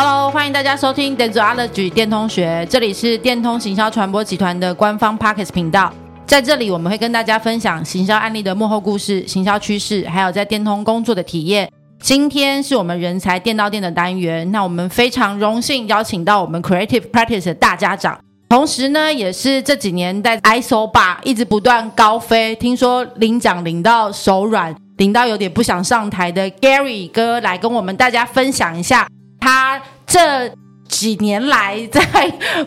哈嘍，歡迎大家收聽《Dentsu Allergy 電通學》，這裡是電通行銷傳播集團的官方 Podcast 頻道。在這裡，我們會跟大家分享行銷案例的幕後故事、行銷趨勢，還有在電通工作的體驗。今天是我們人才電到電的單元，那我們非常榮幸邀請到我們 Creative Practice 的大家長，同時呢，也是這幾年在 isobar 一直不斷高飛，聽說領獎領到手軟，領到有點不想上台的 Gary 哥來跟我們大家分享一下。他這幾年來在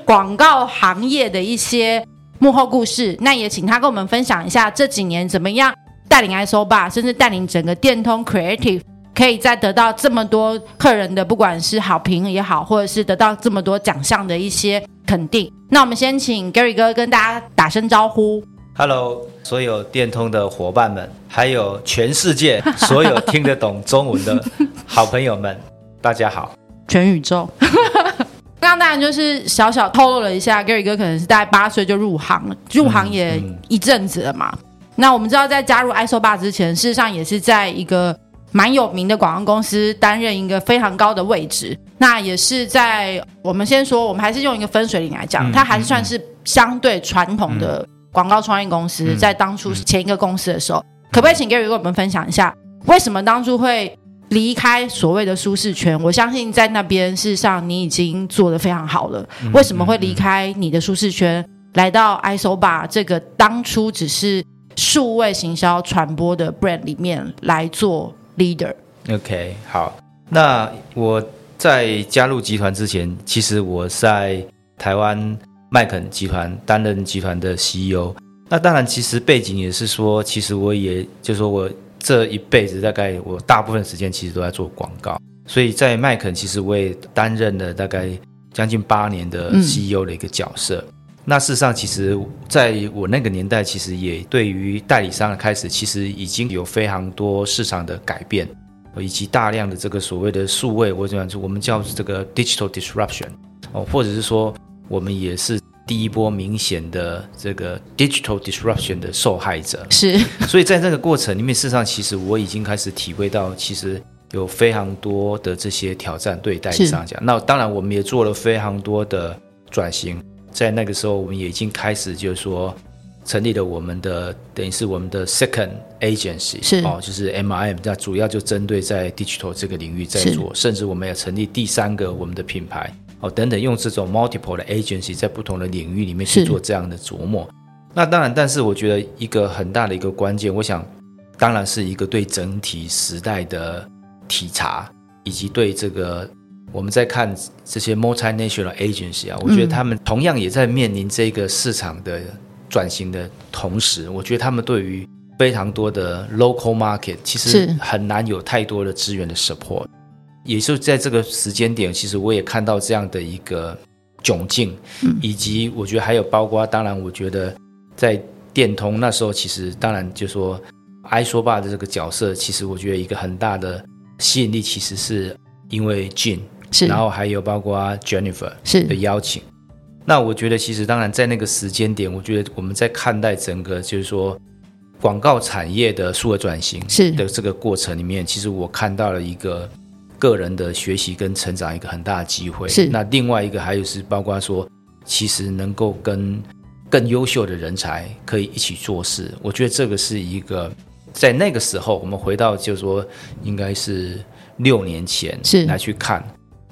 廣告行業的一些幕後故事，那也請他跟我們分享一下這幾年怎麼樣帶領 isobar，甚至帶領整個電通 Creative，可以再得到這麼多客人的不管是好評也好，或者是得到這麼多獎項的一些肯定。那我們先請 Gary 哥跟大家打聲招呼。Hello，所有電通的夥伴們，還有全世界所有聽得懂中文的好朋友們， 大家好。全宇宙，剛 剛當然就是小小透露了一下，Gary 哥可能是大概八歲就入行了，入行也一陣子了嘛。嗯嗯、那我們知道，在加入 ISO 八之前，事實上也是在一個蠻有名的廣告公司擔任一個非常高的位置。那也是在我們先說，我們還是用一個分水嶺來講，嗯，它還是算是相對傳統的廣告創意公司，嗯。在當初前一個公司的時候，嗯，可不可以請 Gary 哥我們分享一下，為什麼當初會離開所謂的舒適圈，我相信在那邊事實上你已經做得非常好了。嗯、為什麼會離開你的舒適圈，嗯嗯、來到 isobar 這個當初只是數位行銷傳播的 brand 裡面來做 leader？OK，、okay, 好。那我在加入集團之前，其實我在台灣麥肯集團擔任集團的 CEO。那當然，其實背景也是說，其實我也就說我。這一輩子大概我大部分時間其實都在做廣告，所以在麥肯其實我也擔任了大概將近八年的 CEO 的一個角色。嗯。那事實上，其實在我那個年代，其實也對於代理商的開始，其實已經有非常多市場的改變，以及大量的這個所謂的數位，我怎麼講，我們叫這個 digital disruption 哦，或者是說我們也是。第一波明顯的這個 digital disruption 的受害者是，所以在這個過程裡面，事實上其實我已經開始體會到，其實有非常多的這些挑戰。對代理商講，那當然我們也做了非常多的轉型。在那個時候，我們也已經開始就是說，成立了我們的等於是我們的 second agency，是哦，就是 M I M，那主要就針對在 digital 這個領域在做，甚至我們也成立第三個我們的品牌。哦，等等，用這種 multiple 的 agency 在不同的領域裡面去做這樣的琢磨，那當然，但是我覺得一個很大的一個關鍵，我想當然是一個對整體時代的體察，以及對這個我們在看這些 multinational agency 啊，我覺得他們同樣也在面臨這個市場的轉型的同時，嗯，我覺得他們對於非常多的 local market 其實很難有太多的資源的 support。也是在這個時間點，其實我也看到這樣的一個窘境，嗯、以及我覺得還有包括，當然，我覺得在電通那時候，其實當然就是說，isobar 的這個角色，其實我覺得一個很大的吸引力，其實是因為 Jean 是，然後還有包括 Jennifer 是的邀請。那我覺得，其實當然在那個時間點，我覺得我們在看待整個就是說廣告產業的數額轉型是的這個過程裡面，其實我看到了一個。個人的學習跟成長一個很大的機會是。那另外一個還有是包括說，其實能夠跟更優秀的人才可以一起做事，我覺得這個是一個在那個時候，我們回到就是說，應該是六年前是來去看，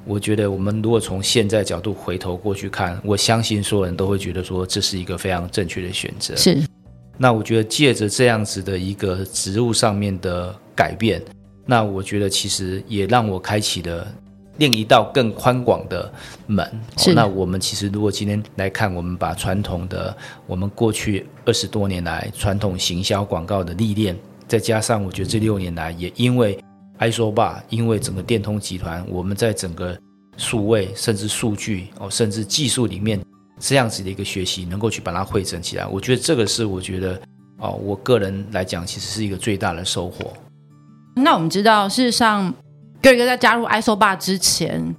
我覺得我們如果從現在角度回頭過去看，我相信所有人都會覺得說，這是一個非常正確的選擇是。那我覺得借着這樣子的一個職務上面的改變。那我覺得其實也讓我開啟了另一道更寬廣的門。哦，那我們其實如果今天來看，我們把傳統的我們過去二十多年來傳統行銷廣告的歷練，再加上我覺得這六年來也因為 isobar，因為整個電通集團我們在整個數位甚至數據哦甚至技術裡面這樣子的一個學習，能夠去把它彙整起來，我覺得這個是我覺得哦我個人來講其實是一個最大的收穫。那我們知道，事實上，Gary 哥在加入 Isobar 之前，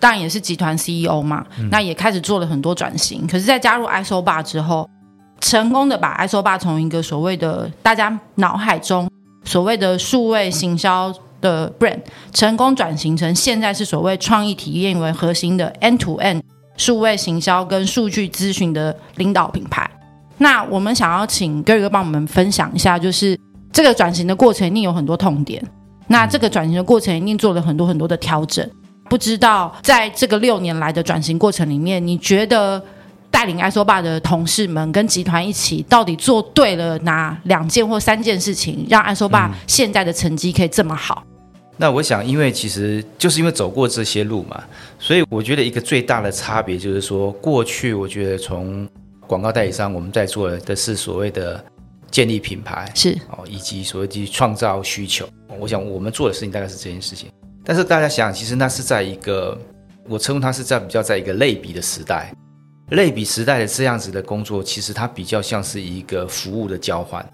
當然也是集團 CEO 嘛，嗯。那也開始做了很多轉型。可是，在加入 Isobar 之後，成功的把 Isobar 從一個所謂的大家腦海中所謂的數位行銷的 brand，成功轉型成現在是所謂創意體驗為核心的 end to end 數位行銷跟數據諮詢的領導品牌。那我們想要請 Gary 哥幫我們分享一下，就是。這個轉型的過程一定有很多痛點，那這個轉型的過程一定做了很多很多的調整。嗯、不知道在這個六年來的轉型過程裡面，你覺得帶領 isobar 的同事們跟集團一起到底做對了哪兩件或三件事情讓埃、嗯，讓 isobar 現在的成績可以這麼好？那我想，因為其實就是因為走過這些路嘛，所以我覺得一個最大的差別就是說，過去我覺得從廣告代理商我們在做的是所謂的。建立品牌是哦，以及所謂的創造需求，我想我們做的事情大概是這件事情。但是大家想，其實那是在一個我稱它是在比較在一個類比的時代，類比時代的這樣子的工作，其實它比較像是一個服務的交換。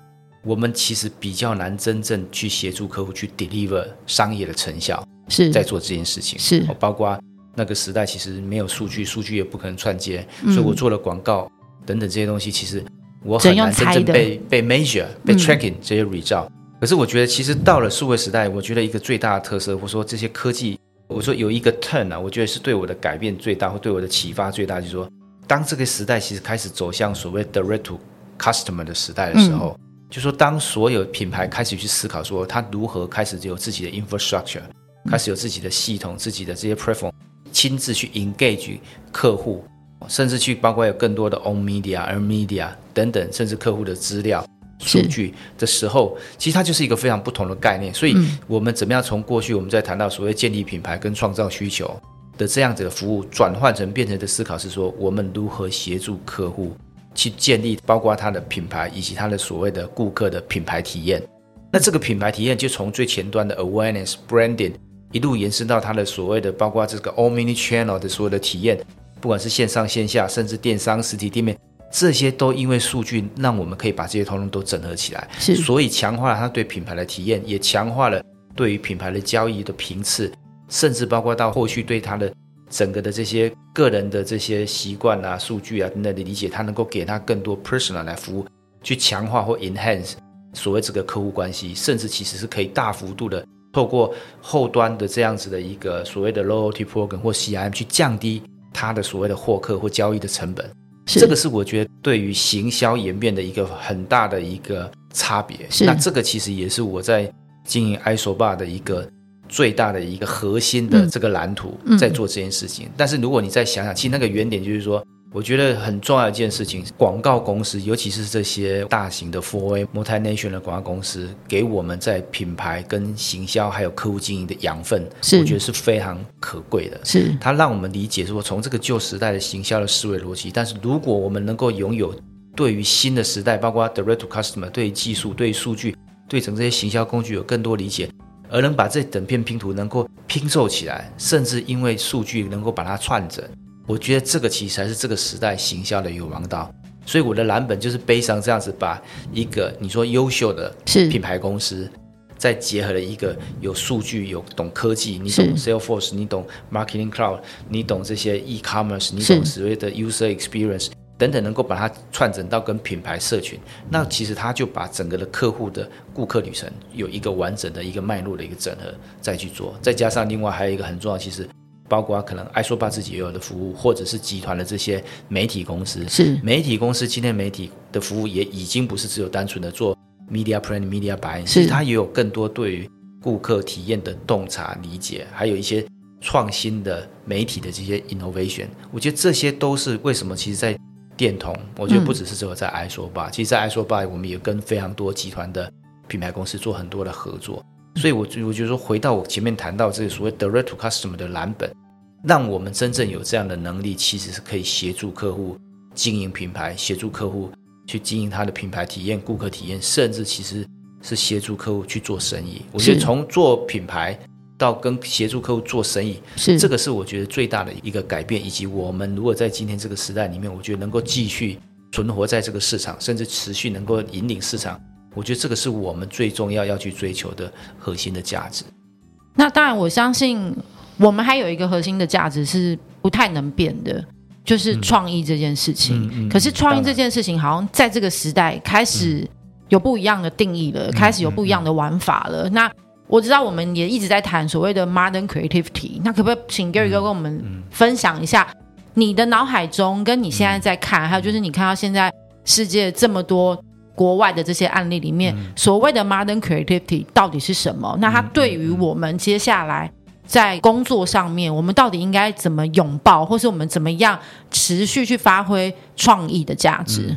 我們其實比較難真正去協助客戶去 deliver 商業的成效，是在做這件事情是，包括那個時代其實沒有數據，數據也不可能串接，所以我做了廣告、嗯、等等這些東西，其實。我很難真正被、嗯、被 measure、嗯、被 tracking 這些 result。可是我覺得，其實到了數位時代，我覺得一個最大的特色，或者說這些科技，我說有一個 turn 啊，我覺得是對我的改變最大，或對我的啟發最大，就是說，當這個時代其實開始走向所謂 direct to customer 的時代的時候，嗯、就說當所有品牌開始去思考說，它如何開始有自己的 infrastructure，開始有自己的系統、自己的這些 platform，親自去 engage 客戶。甚至去包括有更多的 owned media、earned media 等等，甚至客戶的資料、數據的時候，其實它就是一個非常不同的概念。所以，我們怎麼樣從過去我們在談到所謂建立品牌跟創造需求的這樣子的服務，轉換成變成的思考是說，我們如何協助客戶去建立包括他的品牌以及他的所謂的顧客的品牌體驗？那這個品牌體驗就從最前端的 awareness branding 一路延伸到他的所謂的包括這個 omni channel 的所有的體驗。不管是線上線下，甚至電商、實體店面，這些都因為數據，讓我們可以把這些通通都整合起來，是，所以強化了他對品牌的體驗，也強化了對於品牌的交易的頻次，甚至包括到後續對他的整個的這些個人的這些習慣啊、數據啊等等的理解，他能夠給他更多 personal 來服務，去強化或 enhance 所謂這個客戶關係，甚至其實是可以大幅度的透過後端的這樣子的一個所謂的 loyalty program 或 CRM 去降低。他的所謂的獲客或交易的成本，這個是我覺得對於行銷演變的一個很大的一個差別。那這個其實也是我在經營 isobar 的一個最大的一個核心的這個藍圖，在做這件事情。但是如果你再想想，其實那個原點就是說。我覺得很重要一件事情，廣告公司，尤其是這些大型的 Four A multinational 的廣告公司，給我們在品牌跟行銷還有客戶經營的養分，我覺得是非常可貴的。是，他讓我們理解說，從這個舊時代的行銷的思維邏輯，但是如果我們能夠擁有對於新的時代，包括 Direct to Customer，對於技術、對於數據、對整這些行銷工具有更多理解，而能把這整片拼圖能夠拼湊起來，甚至因為數據能夠把它串整。我覺得這個其實才是這個時代行銷的有王道，所以我的藍本就是悲傷這樣子，把一個你說優秀的品牌公司，再結合了一個有數據、有懂科技，你懂 Salesforce，你懂 Marketing Cloud，你懂這些 E Commerce，你懂所謂的 User Experience 等等，能夠把它串整到跟品牌社群，那其實它就把整個的客戶的顧客旅程有一個完整的一個脈絡的一個整合，再去做，再加上另外還有一個很重要，其實。包括可能 Isobar 自己也有的服務，或者是集團的這些媒體公司。是。媒體公司今天媒體的服務也已經不是只有單純的做 media planning、media buying，是其實它也有更多對於顧客體驗的洞察理解，還有一些創新的媒體的這些 innovation。我覺得這些都是為什麼其實在電通，我覺得不只是只有在 Isobar，其實在 Isobar，我們也跟非常多集團的品牌公司做很多的合作。所以，我我就說，回到我前面談到這個所謂 “direct to customer” 的藍本，讓我們真正有這樣的能力，其實是可以協助客戶經營品牌，協助客戶去經營他的品牌體驗、顧客體驗，甚至其實是協助客戶去做生意。我覺得從做品牌到跟協助客戶做生意，是，這個是我覺得最大的一個改變，以及我們如果在今天這個時代裡面，我覺得能夠繼續存活在這個市場，甚至持續能夠引領市場。我覺得這個是我們最重要要去追求的核心的價值。那當然，我相信我們還有一個核心的價值是不太能變的，就是創意這件事情。嗯嗯嗯、可是，創意這件事情好像在這個時代開始有不一樣的定義了，嗯、開始有不一樣的玩法了。嗯嗯嗯、那我知道我們也一直在談所謂的 Modern Creativity。那可不可以請 Gary 哥跟我們分享一下你的腦海中跟你現在在看、嗯，還有就是你看到現在世界這麼多。國外的這些案例裡面，嗯、所謂的 Modern Creativity 到底是什麼？嗯、那它對於我們接下來在工作上面，嗯嗯、我們到底應該怎麼擁抱，或是我們怎麼樣持續去發揮創意的價值，嗯？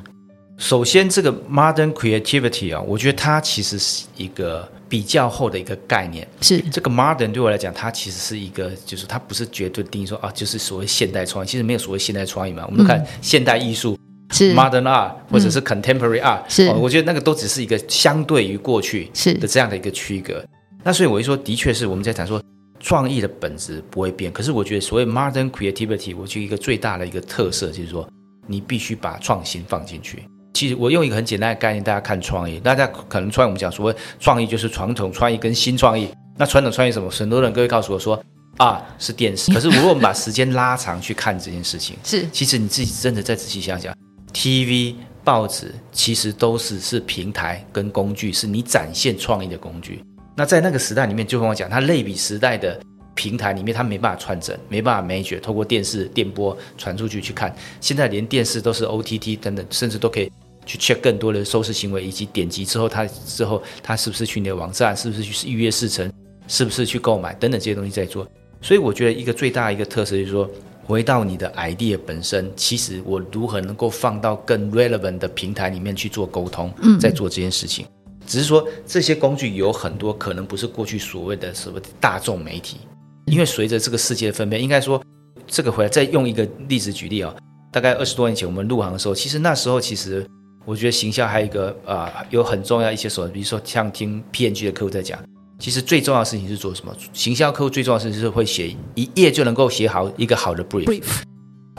首先，這個 Modern Creativity 啊，我覺得它其實是一個比較厚的一個概念。是這個 Modern 對我來講，它其實是一個，就是它不是絕對定義說啊，就是所謂現代創意，其實沒有所謂現代創意嘛。我們都看現代藝術。嗯是 Modern Art 或者是 Contemporary Art，嗯、是、哦、我覺得那個都只是一個相對於過去是的這樣的一個區隔。那所以我一說，的確是我們在講說，創意的本質不會變。可是我覺得所謂 Modern Creativity，我覺得一個最大的一個特色就是說，你必須把創新放進去。其實我用一個很簡單的概念，大家看創意，大家可能創意我們講所謂創意就是傳統創意跟新創意。那傳統創意是什麼？很多人都會告訴我說啊是電視。 可是如果我們把時間拉長去看這件事情，是其實你自己真的再仔細想想。TV、報紙其實都是是平台跟工具，是你展現創意的工具。那在那個時代裡面，就跟我講，它類比時代的平台裡面，它沒辦法串整，沒辦法 measure，透過電視電波傳出去去看。現在連電視都是 OTT 等等，甚至都可以去 check 更多的收視行為以及點擊之後它，它之後它是不是去你的網站，是不是去預約試乘，是不是去購買等等這些東西在做。所以我覺得一個最大的一個特色就是說。回到你的 idea 本身，其實我如何能夠放到更 relevant 的平台裡面去做溝通？嗯，在做這件事情，嗯、只是說這些工具有很多可能不是過去所謂的什麼大眾媒體，因為隨着這個世界的分變，應該說這個回來再用一個例子舉例啊、哦，大概二十多年前我們入行的時候，其實那時候其實我覺得形象還有一個啊、呃、有很重要一些手段比如說像聽 PNG 的客戶在講。其實最重要的事情是做什麼？行銷客戶最重要的事情是會寫一頁就能夠寫好一個好的 brief。Brief.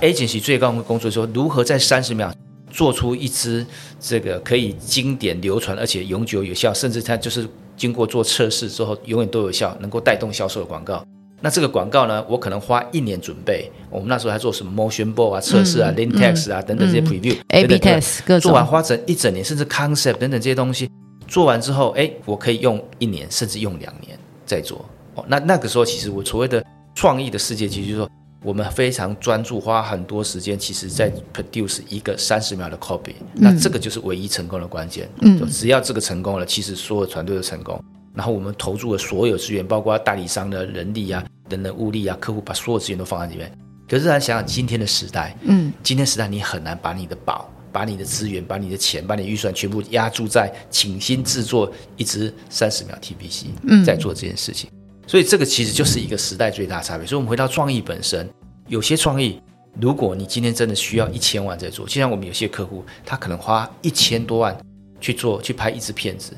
agency 最高的工作是說如何在三十秒做出一支這個可以經典流傳而且永久有效，甚至它就是經過做測試之後永遠都有效，能夠帶動銷售的廣告。那這個廣告呢，我可能花一年準備。我們那時候還做什麼 motion board 啊、測試啊、嗯、lintex 啊等等這些 preview，、嗯嗯、等等 A, B, Test, 各種做完花整一整年，甚至 concept 等等這些東西。做完之後，哎、欸，我可以用一年，甚至用兩年再做。哦，那那個時候其實我所謂的創意的世界，其實就是說我們非常專注，花很多時間，其實在 produce 一個三十秒的 copy，嗯。那這個就是唯一成功的關鍵。嗯，就只要這個成功了，其實所有團隊都成功，嗯。然後我們投注了所有資源，包括代理商的人力啊，等等物力啊、客戶把所有資源都放在裡面。可是，咱想想今天的時代，嗯，今天時代你很難把你的寶。把你的資源、把你的錢、把你預算全部押注在，請心製作一支三十秒 TVC 再、嗯、做這件事情。所以這個其實就是一個時代最大的差別。所以，我們回到創意本身，有些創意，如果你今天真的需要一、嗯、千萬再做，就像我們有些客戶，他可能花一千多萬去做去拍一支片子，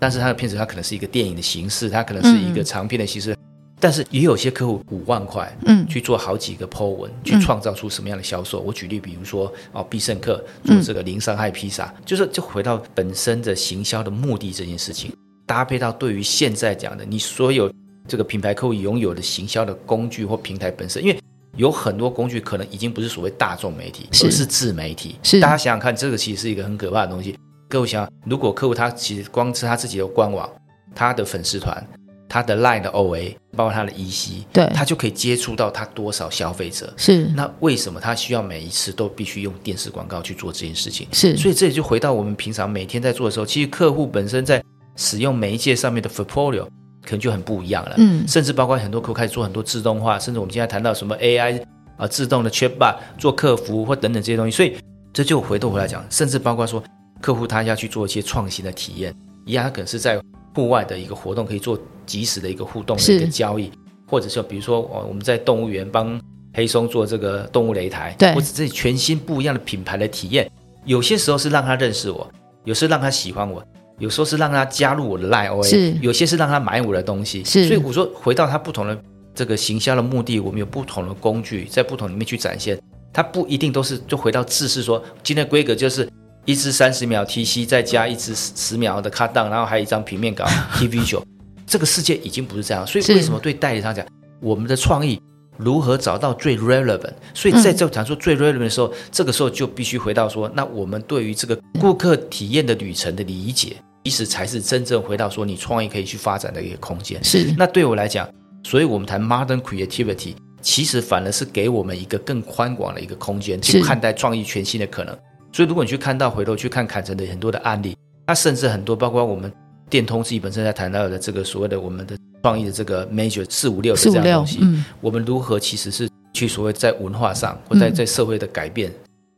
但是他的片子他可能是一個電影的形式，他可能是一個長片的形式。嗯嗯但是也有些客戶五萬塊，嗯，去做好幾個 po 文、嗯，去創造出什麼樣的銷售？嗯、我舉例，比如說哦，必勝客做這個零傷害披薩，嗯、就是就回到本身的行銷的目的這件事情，搭配到對於現在講的你所有這個品牌客戶擁有的行銷的工具或平台本身，因為有很多工具可能已經不是所謂大眾媒體，是是自媒體，是，是大家想想看，這個其實是一個很可怕的東西。各位想想，如果客戶他其實光是他自己的官網，他的粉絲團。它的 line 的 OA，包括它的 EC，對，他就可以接觸到它多少消費者？是。那為什麼他需要每一次都必須用電視廣告去做這件事情？是。所以這也就回到我們平常每天在做的時候，其實客戶本身在使用媒介上面的 portfolio 可能就很不一樣了。嗯。甚至包括很多客戶開始做很多自動化，甚至我們現在談到什麼 AI 啊，自動的 chatbot 做客服或等等這些東西，所以這就回頭回來講，甚至包括說客戶他要去做一些創新的體驗，壓根是在。戶外的一個活動可以做即時的一個互動的一個交易，或者說，比如說我我們在動物園幫黑松做這個動物擂台，對或者是全新不一樣的品牌的體驗，有些時候是讓他認識我，有時候讓他喜歡我，有時候是讓他加入我的 Line OA，是有些是讓他買我的東西是，所以我說回到他不同的這個行銷的目的，我們有不同的工具在不同裡面去展現，它不一定都是就回到制式說今天的規格就是。一支三十秒 T C，再加一支十十秒的 Cut Down，然後還有一張平面稿 T V Show。 show, 這個世界已經不是這樣，所以為什麼對代理商講，我們的創意如何找到最 relevant？所以在這、嗯、講說最 relevant 的時候，這個時候就必須回到說，那我們對於這個顧客體驗的旅程的理解，其實才是真正回到說你創意可以去發展的一個空間。是。那對我來講，所以我們談 Modern Creativity，其實反而是給我們一個更寬廣的一個空間去看待創意全新的可能。所以，如果你去看到回頭去看坎城的很多的案例，它甚至很多包括我們電通自己本身在談到的這個所謂的我們的創意的這個 major 456這四五六的這樣的東西，我們如何其實是去所謂在文化上或在在社會的改變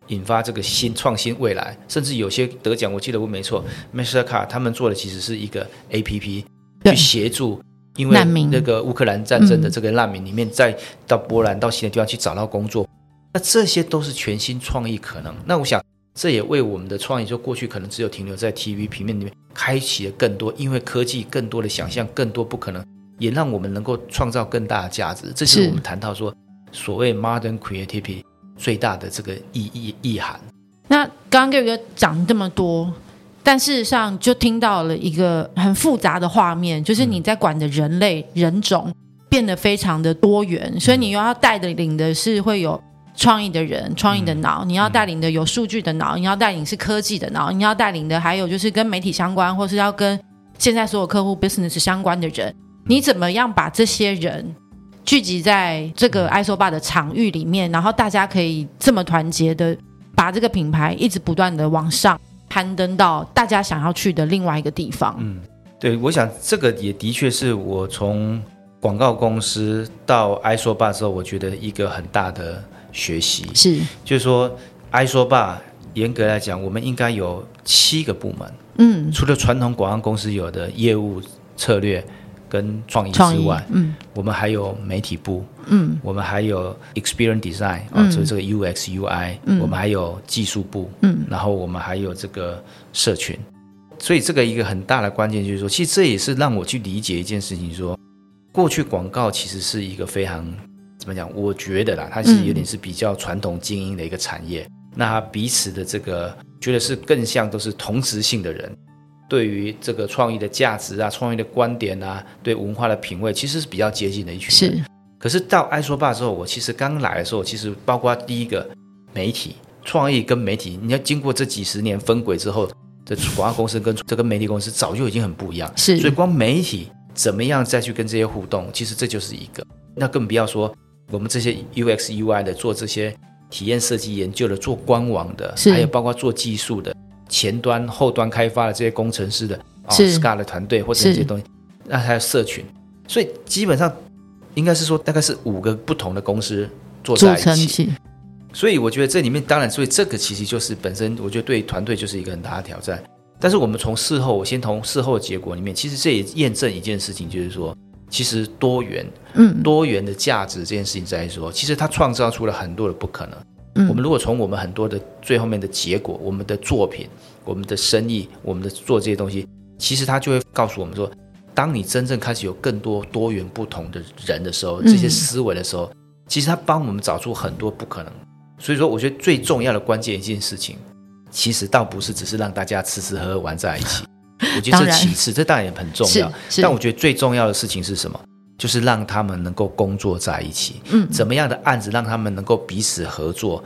引發這個新創新未來、嗯，甚至有些得獎，我記得我沒錯、嗯、，Mastercard 他們做的其實是一個 APP、嗯、去協助，因為那個烏克蘭戰爭的這個難民、嗯嗯、裡面再到波蘭到新的地方去找到工作，那這些都是全新創意可能。那我想。這也為我們的創意，就過去可能只有停留在 TV 平面裡面，開啟了更多，因為科技更多的想象，更多不可能，也讓我們能夠創造更大的價值。這是我們談到說所謂 modern creativity 最大的這個意意意涵。那剛剛 Gary 講這麼多，但事實上就聽到了一個很複雜的畫面，就是你在管的人類人種變得非常的多元，所以你又要帶的領的是會有。創意的人，創意的腦，嗯，你要帶領的有數據的腦，嗯、你要帶領的是科技的腦、嗯，你要帶領的還有就是跟媒體相關，或是要跟現在所有客戶 business 相關的人，嗯、你怎麼樣把這些人聚集在這個 isobar 的場域裡面，嗯，然後大家可以這麼團結的把這個品牌一直不斷的往上攀登到大家想要去的另外一個地方。嗯，對，我想這個也的確是我從廣告公司到 isobar 之後，我覺得一個很大的。學習是，就是說，Isobar 吧。嚴格來講，我們應該有七個部門。嗯，除了傳統廣告公司有的業務、策略跟創意之外意，嗯，我們還有媒體部，嗯，我們還有 experience design、嗯、啊，就是這個 UX UI，嗯，我們還有技術部，嗯，然後我們還有這個社群。所以這個一個很大的關鍵就是說，其實這也是讓我去理解一件事情說，說過去廣告其實是一個非常。怎麼講？我覺得啦，它其實有點是比較傳統精英的一個產業。嗯、那彼此的這個，覺得是更像都是同質性的人，對於這個創意的價值啊，創意的觀點啊，對文化的品味，其實是比較接近的一群人。是。可是到 Isobar 之後，我其實剛來的時候，其實包括第一個媒體創意跟媒體，你要經過這幾十年分軌之後，這廣告公司跟這跟媒體公司早就已經很不一樣。是。所以光媒體怎麼樣再去跟這些互動，其實這就是一個。那更不要說。我們這些 UX UI 的做這些體驗設計研究的、做官網的、還有包括做技術的前端、後端開發的這些工程師的，哦 SCAR 的團隊或者這些東西，那還有社群，所以基本上應該是說大概是五個不同的公司做在一起。所以我覺得這裡面當然，所以這個其實就是本身我覺得對團隊就是一個很大的挑戰。但是我們從事後，我先從事後結果裡面，其實這也驗證一件事情，就是說。其實多元，嗯，多元的價值這件事情在，在於，嗯，說，其實它創造出了很多的不可能，嗯。我們如果從我們很多的最後面的結果，我們的作品，我們的生意，我們的做這些東西，其實它就會告訴我們說，當你真正開始有更多多元不同的人的時候，這些思維的時候，嗯，其實它幫我們找出很多不可能。所以說，我覺得最重要的關鍵一件事情，其實倒不是只是讓大家吃吃喝喝玩在一起。嗯我覺得這其次，這當然也很重要。但我覺得最重要的事情是什麼？就是讓他們能夠工作在一起。嗯，怎麼樣的案子讓他們能夠彼此合作？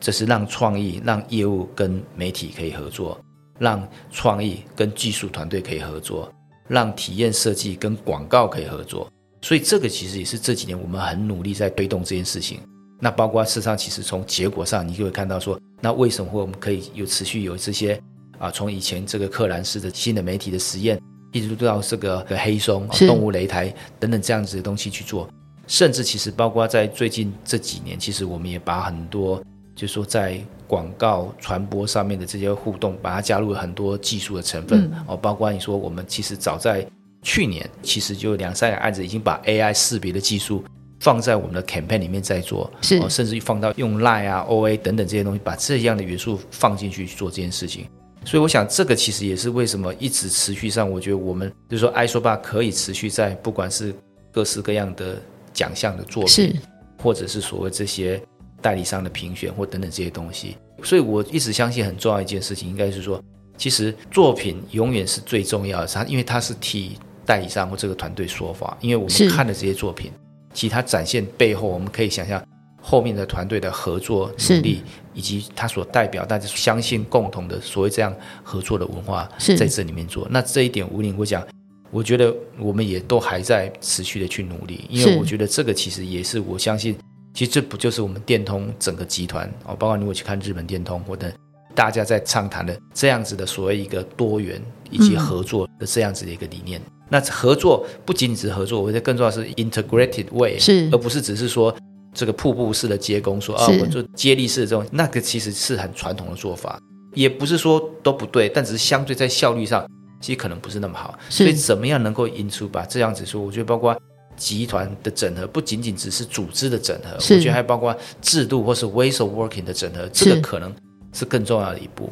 這是讓創意、讓業務跟媒體可以合作，讓創意跟技術團隊可以合作，讓體驗設計跟廣告可以合作。所以這個其實也是這幾年我們很努力在推動這件事情。那包括事實上，其實從結果上，你就會看到說，那為什麼我們可以有持續有這些？啊，從以前這個克蘭斯的新的媒體的實驗，一直都到這個黑松動物擂台，等等這樣子的東西去做，甚至其實包括在最近這幾年，其實我們也把很多，就是說在廣告傳播上面的這些互動，把它加入了很多技術的成分哦、嗯，包括你說我們其實早在去年，其實就兩三個案子已經把 AI 識別的技術放在我們的 campaign 裡面在做，是，甚至於放到用 Line 啊、OA 等等這些東西，把這樣的元素放進去做這件事情。所以我想，這個其實也是為什麼一直持續上。我覺得我們就是說 isobar 可以持續在不管是各式各樣的獎項的作品，或者是所謂這些代理商的評選或等等這些東西。所以我一直相信很重要一件事情，應該是說，其實作品永遠是最重要的。它因為它是替代理商或這個團隊說法，因為我們看的這些作品，其實它展現背後，我們可以想象。後面的團隊的合作實力，以及他所代表大家相信共同的所謂這樣合作的文化，在這裡面做。那這一點，吳林，我跟你講，我覺得我們也都還在持續的去努力，因為我覺得這個其實也是我相信，其實這不就是我們電通整個集團哦，包括你如果去看日本電通，或者大家在暢談的這樣子的所謂一個多元以及合作的這樣子的一個理念。嗯、那合作不僅僅只是合作，我覺得更重要是 integrated way，是而不是只是說。這個瀑布式的接工說，說啊，我做接力式的這種，那個其實是很傳統的做法，也不是說都不對，但只是相對在效率上，其實可能不是那麼好。所以怎麼樣能夠引出把這樣子說，我覺得包括集團的整合，不僅僅只是組織的整合，我覺得還包括制度或是 way of working 的整合，這個可能是更重要的一步。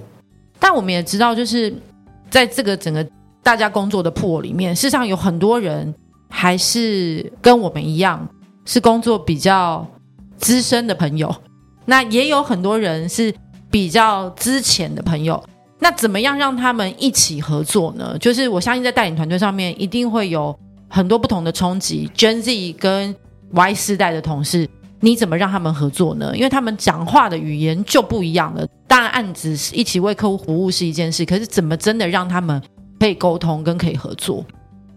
但我們也知道，就是在這個整個大家工作的 pool 裡面，事實上有很多人還是跟我們一樣，是工作比較。資深的朋友，那也有很多人是比較資淺的朋友，那怎麼樣讓他們一起合作呢？就是我相信在帶領團隊上面，一定會有很多不同的衝擊。Gen Z 跟 Y 世代的同事，你怎麼讓他們合作呢？因為他們講話的語言就不一樣了。當然，案子是一起為客戶服務是一件事，可是怎麼真的讓他們可以溝通跟可以合作？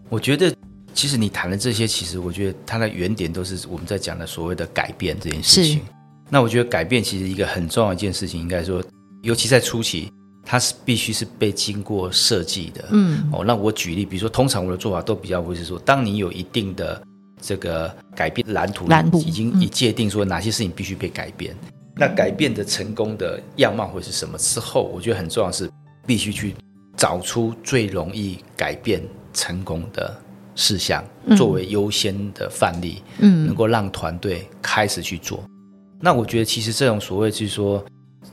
我覺得。其實你談的這些，其實我覺得它的原點都是我們在講的所謂的改變這件事情。是。那我覺得改變其實一個很重要的一件事情，應該說，尤其在初期，它是必須是被經過設計的。嗯。哦，那我舉例，比如說，通常我的做法都比較會是說，當你有一定的這個改變藍圖，藍圖，已經已界定說哪些事情必須被改變。嗯，那改變的成功的樣貌會是什麼之後，我覺得很重要是必須去找出最容易改變成功的。事項作為優先的範例，嗯，能夠讓團隊開始去做。嗯、那我覺得，其實這種所謂就是說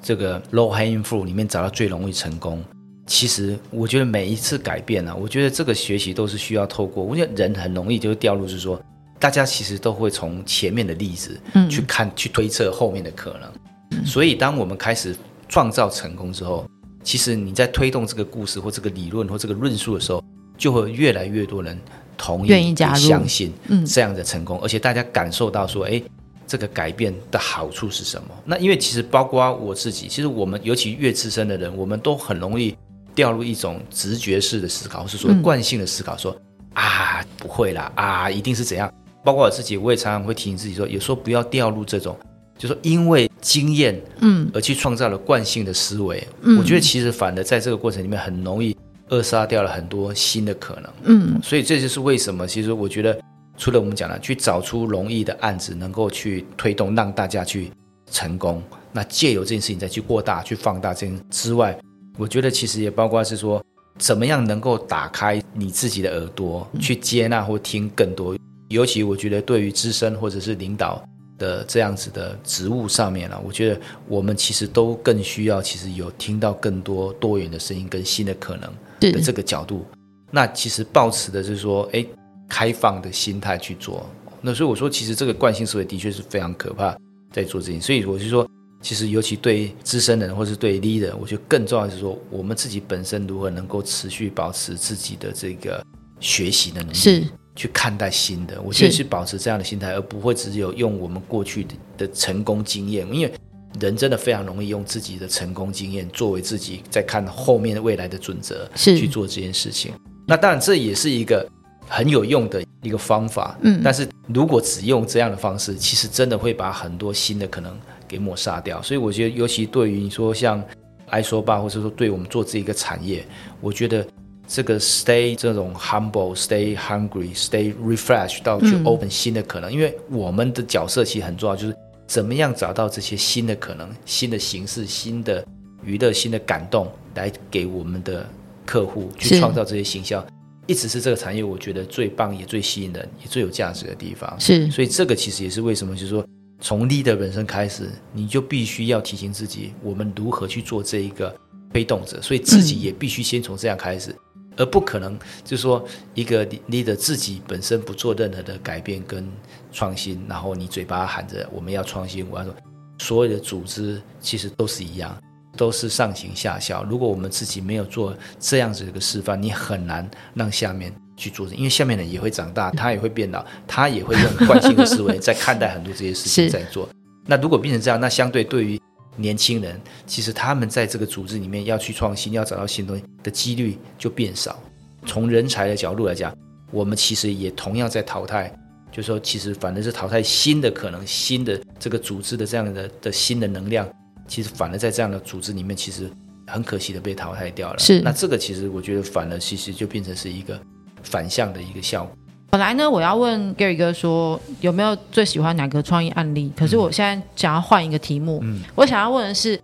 這個 low hanging fruit 裡面找到最容易成功，其實我覺得每一次改變啊，我覺得這個學習都是需要透過。我覺得人很容易就會掉入，是說大家其實都會從前面的例子去看，嗯、去推測後面的可能。嗯、所以，當我們開始創造成功之後，其實你在推動這個故事或這個理論或這個論述的時候，就會越來越多人。同意，相信這樣的成功，嗯，而且大家感受到說，哎、欸，這個改變的好處是什麼？那因為其實包括我自己，其實我們尤其越資深的人，我們都很容易掉入一種直覺式的思考，或是說慣性的思考說，說、嗯、啊不會啦，啊一定是怎樣。包括我自己，我也常常會提醒自己說，有時候不要掉入這種，就說因為經驗，嗯，而去創造了慣性的思維。我覺得其實反而，在這個過程裡面很容易扼殺掉了很多新的可能，嗯，所以這就是為什麼，其實我覺得，除了我們講的去找出容易的案子，能夠去推動讓大家去成功，那借由這件事情再去擴大去放大這件之外，我覺得其實也包括是說，怎麼樣能夠打開你自己的耳朵，去接納或聽更多，尤其我覺得對於資深或者是領導。呃，這樣子的職務上面了，我覺得我們其實都更需要，其實有聽到更多多元的聲音跟新的可能的這個角度。那其實抱持的是說，哎、欸，開放的心態去做。那所以我說，其實這個慣性思維的確是非常可怕在做這件事情。所以我是說，其實尤其對資深人或是對 leader，我覺得更重要的是說，我們自己本身如何能夠持續保持自己的這個學習的能力。是去看待新的，我覺得是保持這樣的心態，而不會只有用我們過去的，的成功經驗。因為人真的非常容易用自己的成功經驗作為自己在看後面的未來的準則，是去做這件事情。那當然這也是一個很有用的一個方法。嗯，但是如果只用這樣的方式，其實真的會把很多新的可能給抹殺掉。所以我覺得，尤其對於你說像 isobar，或者說對我們做這一個產業，我覺得。這個 stay 這種 humble，stay hungry，stay refreshed 到去 open 新的可能，嗯，因為我們的角色其實很重要，就是怎麼樣找到這些新的可能、新的形式、新的娛樂、新的感動，來給我們的客戶去創造這些形象，一直是這個產業我覺得最棒也最吸引人也最有價值的地方。是，所以這個其實也是為什麼就是說，從 leader 本身開始，你就必須要提醒自己，我們如何去做這一個推動者，所以自己也必須先從這樣開始。嗯而不可能，就是說，一個你的自己本身不做任何的改變跟創新，然後你嘴巴喊着我們要創新，我要說所有的組織其實都是一樣，都是上行下效。如果我們自己沒有做這樣子一個示範，你很難讓下面去做。因為下面人也會長大，他也會變老，他也會用慣性的思維 在看待很多這些事情在做。那如果變成這樣，那相對對於，年輕人其實他們在這個組織裡面要去創新、要找到新東西的幾率就變少。從人才的角度來講，我們其實也同樣在淘汰，就是說，其實反而是淘汰新的可能、新的這個組織的這樣的的新的能量，其實反而在這樣的組織裡面，其實很可惜的被淘汰掉了。是。那這個其實我覺得，反而其實就變成是一個反向的一個效果。本來呢，我要問 Gary 哥說有沒有最喜歡哪個創意案例，可是我現在想要換一個題目。嗯、我想要問的是，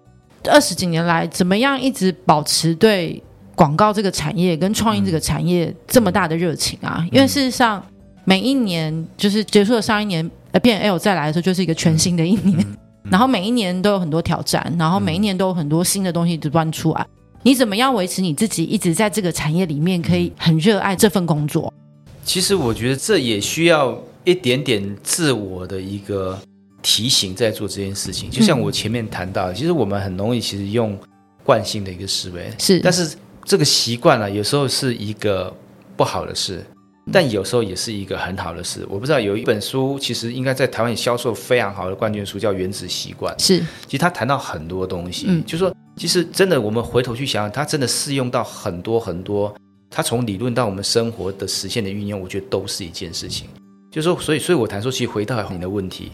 二十幾年來怎麼樣一直保持對廣告這個產業跟創意這個產業這麼大的熱情啊？嗯、因為事實上，每一年就是結束了上一年，呃，P&L 再來的時候就是一個全新的一年，嗯嗯嗯嗯、 然後每一年都有很多挑戰，然後每一年都有很多新的東西不斷出來。你怎麼樣維持你自己一直在這個產業裡面可以很熱愛這份工作？其實我覺得這也需要一點點自我的一個提醒，在做這件事情。就像我前面談到，其實我們很容易其實用慣性的一個思維，是。但是這個習慣啊，有時候是一個不好的事，但有時候也是一個很好的事。我不知道有一本書，其實應該在台灣銷售非常好的冠軍書，叫《原子習慣》。是。其實他談到很多東西，就是說其實真的我們回頭去想想，他真的適用到很多很多。他從理論到我們生活的實現的運用，我覺得都是一件事情。嗯、就是、說，所以，所以我談說，其實回到你的問題，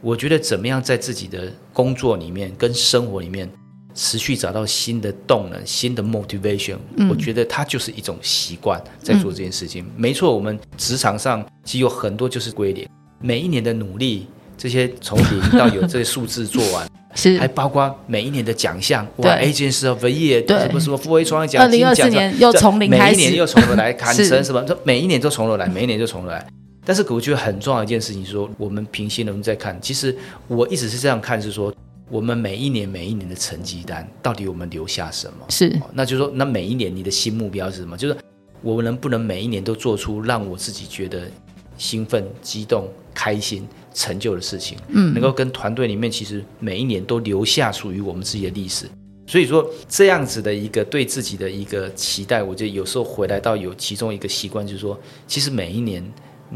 我覺得怎麼樣在自己的工作裡面跟生活裡面持續找到新的動能、新的 motivation，、嗯、我覺得它就是一種習慣在做這件事情。嗯、沒錯，我們職場上其實有很多就是歸零，每一年的努力。這些從零到有這些數字做完， 是還包括每一年的獎項，哇，Agencies of the Year，對什麼什麼富匯創業獎，2024年，每一年又從零開始， 是吧？這每一年就從頭來，每一年都從頭來，嗯。但是我覺得很重要的一件事情，是說我們平心的再看，其實我一直是這樣看，是說我們每一年每一年的成績單到底我們留下什麼？是、哦，那就是說那每一年你的新目標是什麼？就是我們能不能每一年都做出讓我自己覺得興奮、激動、開心？成就的事情，嗯，能夠跟團隊裡面其實每一年都留下屬於我們自己的歷史。所以說，這樣子的一個對自己的一個期待，我覺得有時候回來到有其中一個習慣，就是說，其實每一年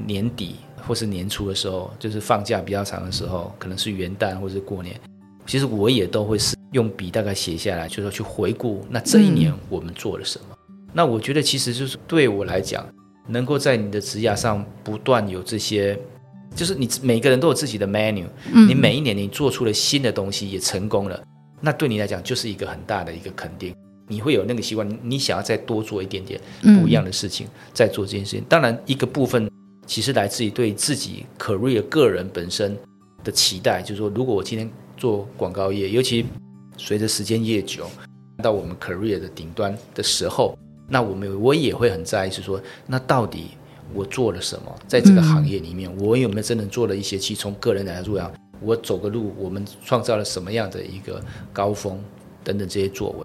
年底或是年初的時候，就是放假比較長的時候，可能是元旦或是過年，其實我也都會是用筆大概寫下來，就是說去回顧那這一年我們做了什麼、嗯。那我覺得其實就是對我來講，能夠在你的職涯上不斷有這些。就是你每個人都有自己的 menu，你每一年你做出了新的東西也成功了，嗯，那對你來講就是一個很大的一個肯定，你會有那個習慣，你想要再多做一點點不一樣的事情，再、嗯、做這件事情。當然，一個部分其實來自於對自己 career 個人本身的期待，就是說，如果我今天做廣告業，尤其隨着時間越久，到我們 career 的頂端的時候，那我們我也會很在意，是說那到底。我做了什麼？在這個行業裡面，我有沒有真的做了一些？其實從個人來說，我走個路，我們創造了什麼樣的一個高峰？等等這些作為，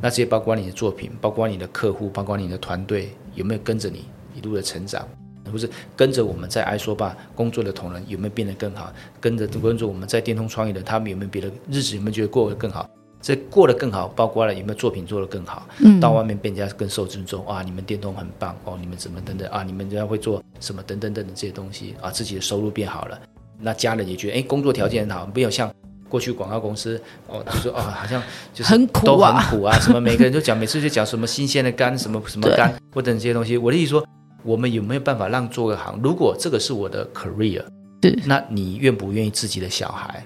那這些包括你的作品，包括你的客戶，包括你的團隊，有沒有跟着你一路的成長？或是跟着我們在安索帕工作的同仁有沒有變得更好？跟着跟着我們在電通創業的他們有沒有別的，日子有沒有覺得過得更好？這過得更好，包括了有沒有作品做得更好，嗯、到外面變家更受尊重啊！你們電通很棒哦，你們怎麼等等啊？你們這樣會做什麼等等等等這些東西啊？自己的收入變好了，那家人也覺得哎、欸，工作條件很好，沒、嗯、有像過去廣告公司哦，他、就、說、是、哦，好像就是都很、苦、啊、很苦啊，什麼每個人都講， 每次就講什麼新鮮的肝什麼什麼肝或等這些東西。我的意思說，我們有沒有辦法讓做個行？如果這個是我的 career，是，那你願不願意自己的小孩？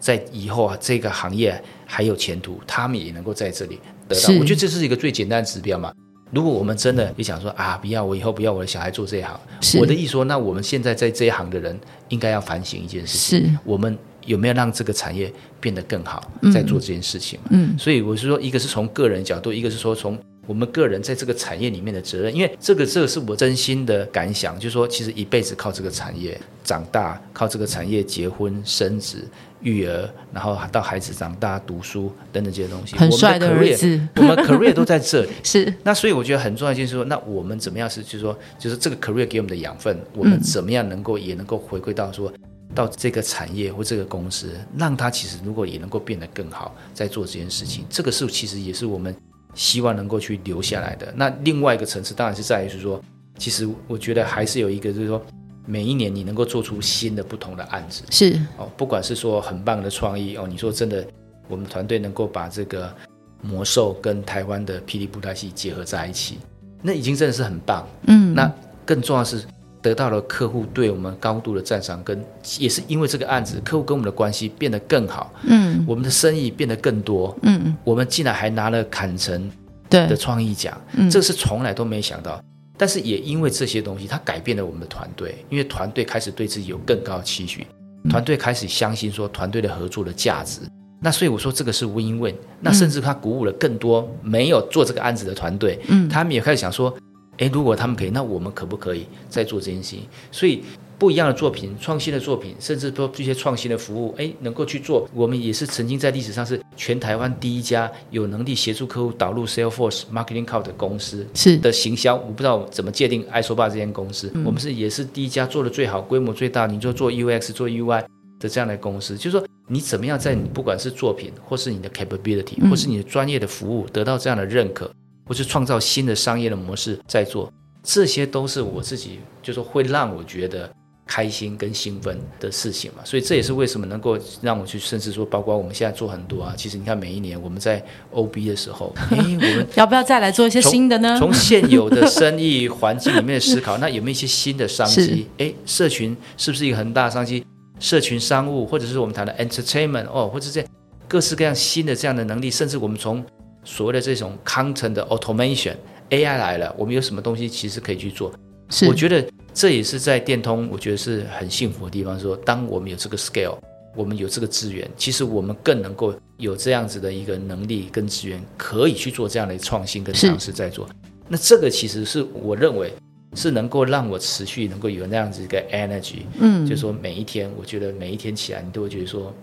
在以後啊，這個行業還有前途，他們也能夠在這裡得到。我覺得這是一個最簡單的指標嘛。如果我們真的你想說、嗯、啊，不要我以後不要我的小孩做這一行，我的意思說，那我們現在在這一行的人應該要反省一件事情，是我們有沒有讓這個產業變得更好，嗯、在做這件事情？嗯，所以我是說，一個是從個人角度，一個是說從我們個人在這個產業裡面的責任。因為這個，這個是我真心的感想，就是說，其實一輩子靠這個產業長大，靠這個產業結婚生子。育兒，然後到孩子長大讀書等等這些東西，很帥的 career，我們的 career, 我們 career 都在這裡。 是，那所以我覺得很重要，就是說，那我們怎麼樣是，就是說，就是這個 career 給我們的養分，我們怎麼樣能夠也能夠回饋到說、嗯，到這個產業或這個公司，讓它其實如果也能夠變得更好，在做這件事情、嗯，這個是其實也是我們希望能夠去留下來的。那另外一個層次當然是在於是說，其實我覺得還是有一個就是說。每一年你能夠做出新的不同的案子是哦，不管是說很棒的創意哦，你說真的，我們團隊能夠把這個魔獸跟台灣的霹靂布袋戲結合在一起，那已經真的是很棒。嗯，那更重要的是得到了客戶對我們高度的讚賞，跟也是因為這個案子，客戶跟我們的關係變得更好。嗯，我們的生意變得更多。嗯，我們竟然還拿了坎城對的創意獎，這是從來都沒想到。但是也因為這些東西，它改變了我們的團隊，因為團隊開始對自己有更高的期許，團隊開始相信說團隊的合作的價值。那所以我說這個是 Win Win。那甚至它鼓舞了更多沒有做這個案子的團隊，嗯，他們也開始想說：誒、欸，如果他們可以，那我們可不可以再做這件事情？所以。不一樣的作品，創新的作品，甚至說這些創新的服務，哎、欸，能夠去做。我們也是曾經在歷史上是全台灣第一家有能力協助客戶導入 Salesforce Marketing Cloud 的公司是的行銷。我不知道怎麼界定 isobar 這間公司、嗯，我們是也是第一家做的最好、規模最大。你就做 UX、做 UI 的這樣的公司，就是說你怎麼樣在你不管是作品，或是你的 capability，、嗯、或是你的專業的服務，得到這樣的認可，或是創造新的商業的模式在做，這些都是我自己就是說會讓我覺得。開心跟興奮的事情嘛，所以這也是為什麼能夠讓我去，甚至說，包括我們現在做很多啊。其實你看，每一年我們在 OB 的時候，欸、我們 要不要再來做一些新的呢？從現有的生意環境裡面的思考， 那有沒有一些新的商機？誒、欸，社群是不是一個很大的商機？社群商務，或者是我們談的 entertainment 哦，或者這各式各樣新的這樣的能力，甚至我們從所謂的這種 content 的 automation AI 來了，我們有什麼東西其實可以去做？是我覺得這也是在電通，我覺得是很幸福的地方。說，當我們有這個 scale，我們有這個資源，其實我們更能夠有這樣子的一個能力跟資源，可以去做這樣的創新跟嘗試，在做。那這個其實是我認為是能夠讓我持續能夠有那樣子一個 energy。嗯，就是說每一天，我覺得每一天起來，你都會覺得說，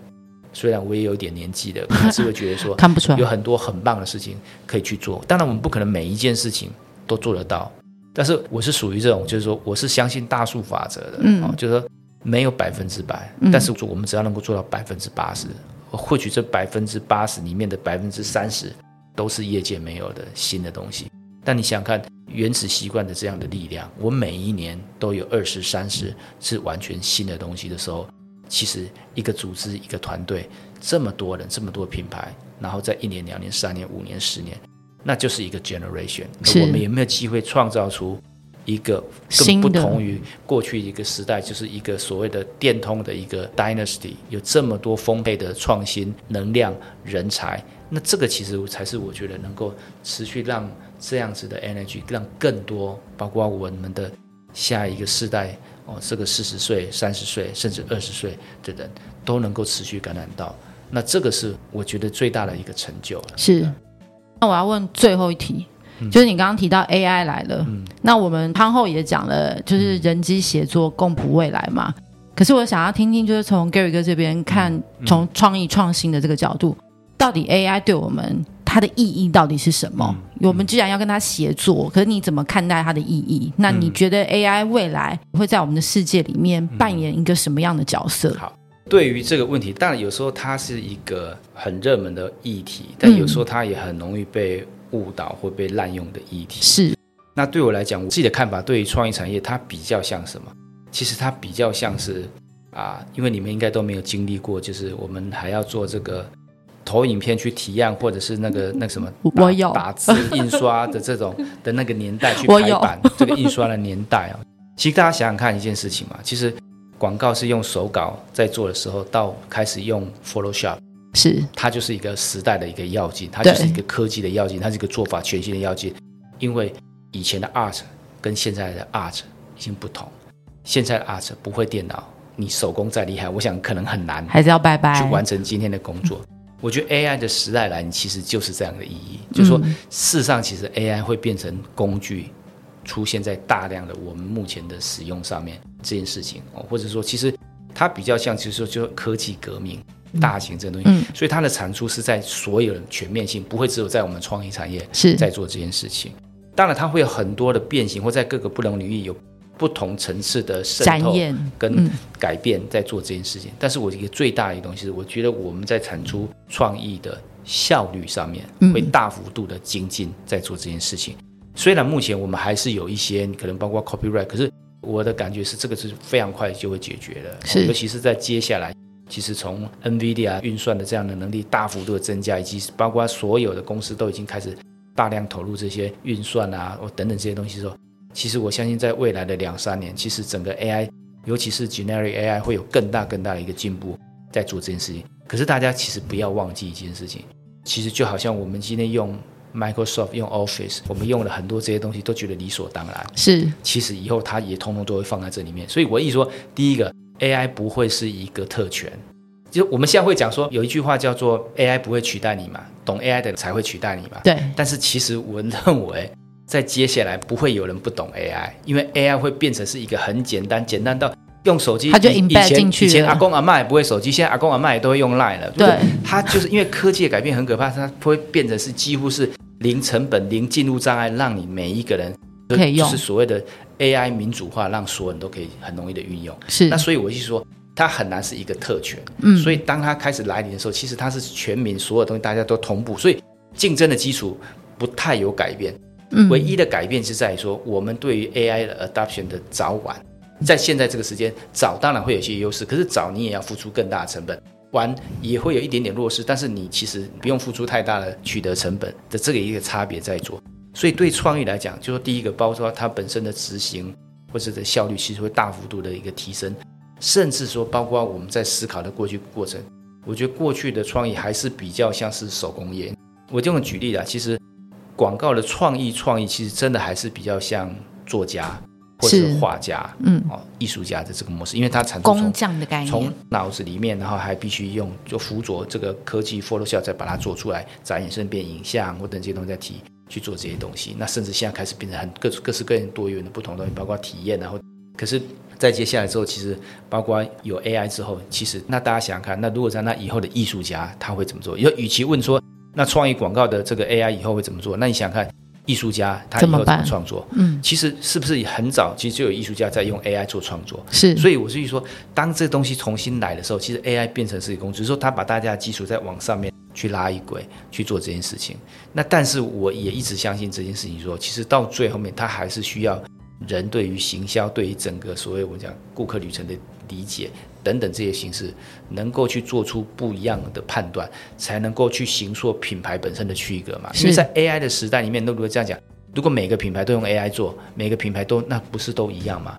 雖然我也有點年紀了，還是會覺得說， 看不出來有很多很棒的事情可以去做。當然，我們不可能每一件事情都做得到。但是我是屬於這種，就是說我是相信大數法則的，嗯，哦，就是說沒有百分之百，嗯，但是我們只要能夠做到百分之八十，或許這百分之八十裡面的百分之三十都是業界沒有的新的東西。但你想看原始習慣的這樣的力量，我每一年都有二十三十是完全新的東西的時候，其實一個組織一個團隊這麼多人這麼多品牌，然後在一年兩年三年五年十年。那就是一個 generation，那我們有沒有機會創造出一個更不同於過去一個時代，就是一個所謂的電通的一個 dynasty，有這麼多豐沛的創新能量人才，那這個其實才是我覺得能夠持續讓這樣子的 energy，讓更多包括我們的下一個世代哦，這個四十歲、三十歲甚至二十歲的人都能夠持續感染到，那這個是我覺得最大的一個成就了。是。那我要問最後一題、嗯，就是你剛剛提到 AI 來了，嗯、那我們潘後也講了，就是人機協作共譜未來嘛、嗯。可是我想要聽聽，就是從 Gary 哥這邊看，從創意創新的這個角度、嗯，到底 AI 對我們它的意義到底是什麼、嗯？我們既然要跟它協作，可是你怎麼看待它的意義？那你覺得 AI 未來會在我們的世界裡面扮演一個什麼樣的角色？嗯嗯，好對於這個問題，當然有時候它是一個很熱門的議題，但有時候它也很容易被誤導或被濫用的議題。嗯、是。那對我來講，我自己的看法，對於創意產業，它比較像什麼？其實它比較像是啊、呃，因為你們應該都沒有經歷過，就是我們還要做這個投影片去提案，或者是那個那個什麼打字印刷的這種的那個年代去排版這個印刷的年代啊、哦。其實大家想想看一件事情嘛，其實。廣告是用手稿在做的時候，到開始用 Photoshop，是，它就是一個時代的一個要件，它就是一個科技的要件，它是一個做法全新的要件。因為以前的 art 跟現在的 art 已經不同，現在的 art 不會電腦，你手工再厲害，我想可能很難，還是要拜拜去完成今天的工作拜拜。我覺得 AI 的時代來，其實就是這樣的意義，嗯、就是、說世上其實 AI 會變成工具，出現在大量的我們目前的使用上面。這件事情哦，或者說，其實它比較像，其實說就科技革命、嗯、大型這個東西、嗯，所以它的產出是在所有人全面性，不會只有在我們創意產業是在做這件事情。當然，它會有很多的變形，或在各個不同的領域有不同層次的滲透跟改變在做這件事情。嗯、但是，我一個最大的一個東西是，我覺得我們在產出創意的效率上面、嗯、會大幅度的精進，在做這件事情。雖然目前我們還是有一些可能包括 copyright，可是。我的感覺是，這個是非常快就會解決的。尤其是在接下來，其實從 NVIDIA 運算的這樣的能力大幅度的增加，以及包括所有的公司都已經開始大量投入這些運算啊，等等這些東西的時候，其實我相信在未來的兩三年，其實整個 AI，尤其是 Generic AI，會有更大更大的一個進步在做這件事情。可是大家其實不要忘記一件事情，其實就好像我們今天用。Microsoft 用 Office，我們用了很多這些東西，都覺得理所當然。是，其實以後它也通通都會放在這裡面。所以，我意思說，第一個 AI 不會是一個特權，就是我們現在會講說，有一句話叫做 “AI 不會取代你嘛，懂 AI 的人才會取代你嘛”。對。但是，其實我認為，在接下來不會有人不懂 AI，因為 AI 會變成是一個很簡單，簡單到。用手機，他就 embed 進去以，以前阿公阿媽也不會手機，現在阿公阿媽也都會用 Line 了。對，它，就是因為科技的改變很可怕， 它會變成是幾乎是零成本、零進入障礙，讓你每一個人都可以用，是所謂的 AI 民主化，讓所有人都可以很容易的運用。是。那所以我就說，它很難是一個特權。嗯。所以當它開始來臨的時候，其實它是全民所有的東西，大家都同步，所以競爭的基礎不太有改變。嗯。唯一的改變是在於說，我們對於 AI 的 adoption 的早晚。在現在這個時間早當然會有一些優勢，可是早你也要付出更大的成本，晚也會有一點點弱勢，但是你其實不用付出太大的取得成本的這個一個差別在做。所以對創意來講，就說第一個，包括它本身的執行或者的效率，其實會大幅度的一個提升，甚至說包括我們在思考的過去過程，我覺得過去的創意還是比較像是手工業。我這麼舉例啦，其實廣告的創意創意，其實真的還是比較像作家。或者畫家是，嗯，哦，藝術家的這個模式，因為它產生工匠的概念，從腦子裡面，然後還必須用就輔佐這個科技 Photoshop 再把它做出來，展現身變影像或等這些東西再提去做這些東西。那甚至現在開始變成很各各式各樣的多元的不同的東西，包括體驗。然後，可是在接下來之後，其實包括有 AI 之後，其實那大家想想看，那如果在那以後的藝術家他會怎麼做？有，與其問說那創意廣告的這個 AI 以後會怎麼做？那你想想看？藝術家他以後創怎麼創作？嗯，其實是不是也很早，其實就有藝術家在用 AI 做創作。是，所以我是說，當這東西重新來的時候，其實 AI 變成是一個工具，只是說他把大家的基礎再往上面去拉一軌去做這件事情。那但是我也一直相信這件事情說，說其實到最後面，他還是需要人對於行銷、對於整個所謂我們講顧客旅程的理解。等等這些形式，能夠去做出不一樣的判斷，才能夠去形塑品牌本身的區隔嘛。因為在 AI 的時代裡面，如果這樣講，如果每個品牌都用 AI 做，每個品牌都，那不是都一樣嘛？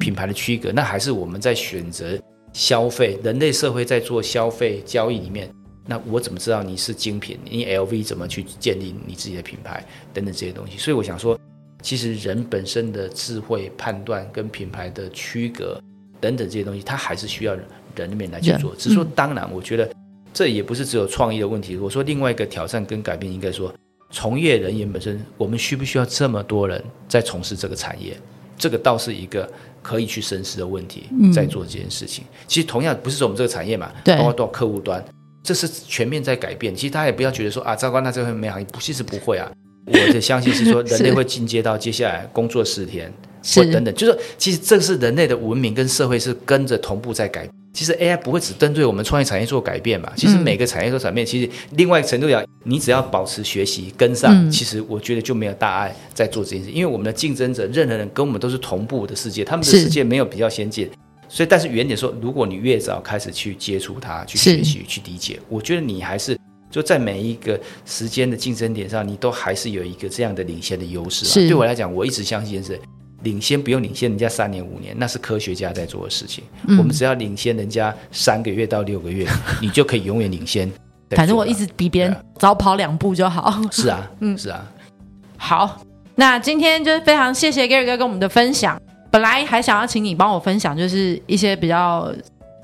品牌的區隔，那還是我們在選擇消費，人類社會在做消費交易裡面，那我怎麼知道你是精品？你 LV 怎麼去建立你自己的品牌？等等這些東西。所以我想說，其實人本身的智慧判斷跟品牌的區隔。等等這些東西，它還是需要人裡面來去做。Yeah, 只是說，當然，我覺得這也不是只有創意的問題、嗯。我說另外一個挑戰跟改變，應該說，從業人員本身，我們需不需要這麼多人在從事這個產業？這個倒是一個可以去深思的問題。在做這件事情，嗯、其實同樣不是說我們這個產業嘛，包括到客戶端，這是全面在改變。其實大家也不要覺得說啊，糟糕，那這份沒行業不，其實不會啊。我的相信是說，人類會進階到接下來工作四天。 或等等，就是說其實這是人類的文明跟社會是跟着同步在改變。其實 AI 不會只針對我們創業產業做改變嘛。其實每個產業做改變、嗯，其實另外一個程度要你只要保持學習跟上、嗯，其實我覺得就沒有大礙在做這件事。因為我們的競爭者任何人跟我們都是同步的世界，他們的世界沒有比較先進。所以，但是遠點說，如果你越早開始去接觸它、去學習、去理解，我覺得你還是就在每一個時間的競爭點上，你都還是有一個這樣的領先的優勢啊。對我來講，我一直相信是。領先不用領先人家三年五年，那是科學家在做的事情。嗯，我們只要領先人家三個月到六個月， 你就可以永遠領先。反正我一直比別人早跑兩步就好。是啊，嗯，是啊。好，那今天就是非常謝謝 Gary 哥跟我們的分享。本來還想要請你幫我分享，就是一些比較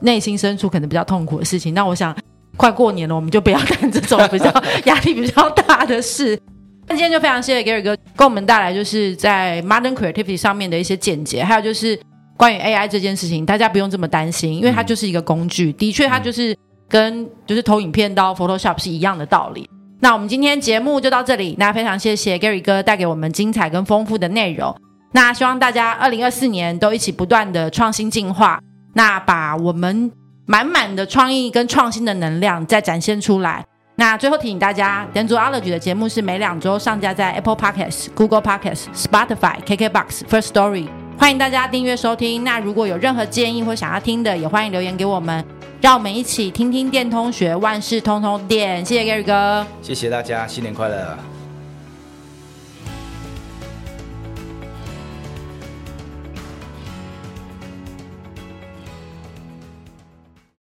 內心深處可能比較痛苦的事情。那我想快過年了，我們就不要幹這種比較壓力比較大的事。 那今天就非常謝謝 Gary 哥給我們帶來就是在 Modern Creativity 上面的一些見解，還有就是關於 AI 這件事情，大家不用這麼擔心，因為它就是一個工具。的確，它就是跟就是投影片到 Photoshop 是一樣的道理。那我們今天節目就到這裡，那非常謝謝 Gary 哥帶給我們精彩跟豐富的內容。那希望大家二零二四年都一起不斷的創新進化，那把我們滿滿的創意跟創新的能量再展現出來。那最後提醒大家，電通 Allergy 的節目是每兩周上架在 Apple Podcasts、Google Podcasts、Spotify、KKBox、First Story，歡迎大家訂閱收聽。那如果有任何建議或想要聽的，也歡迎留言給我們。讓我們一起聽聽電通學萬事通通電，謝謝 Gary 哥，謝謝大家，新年快樂啊。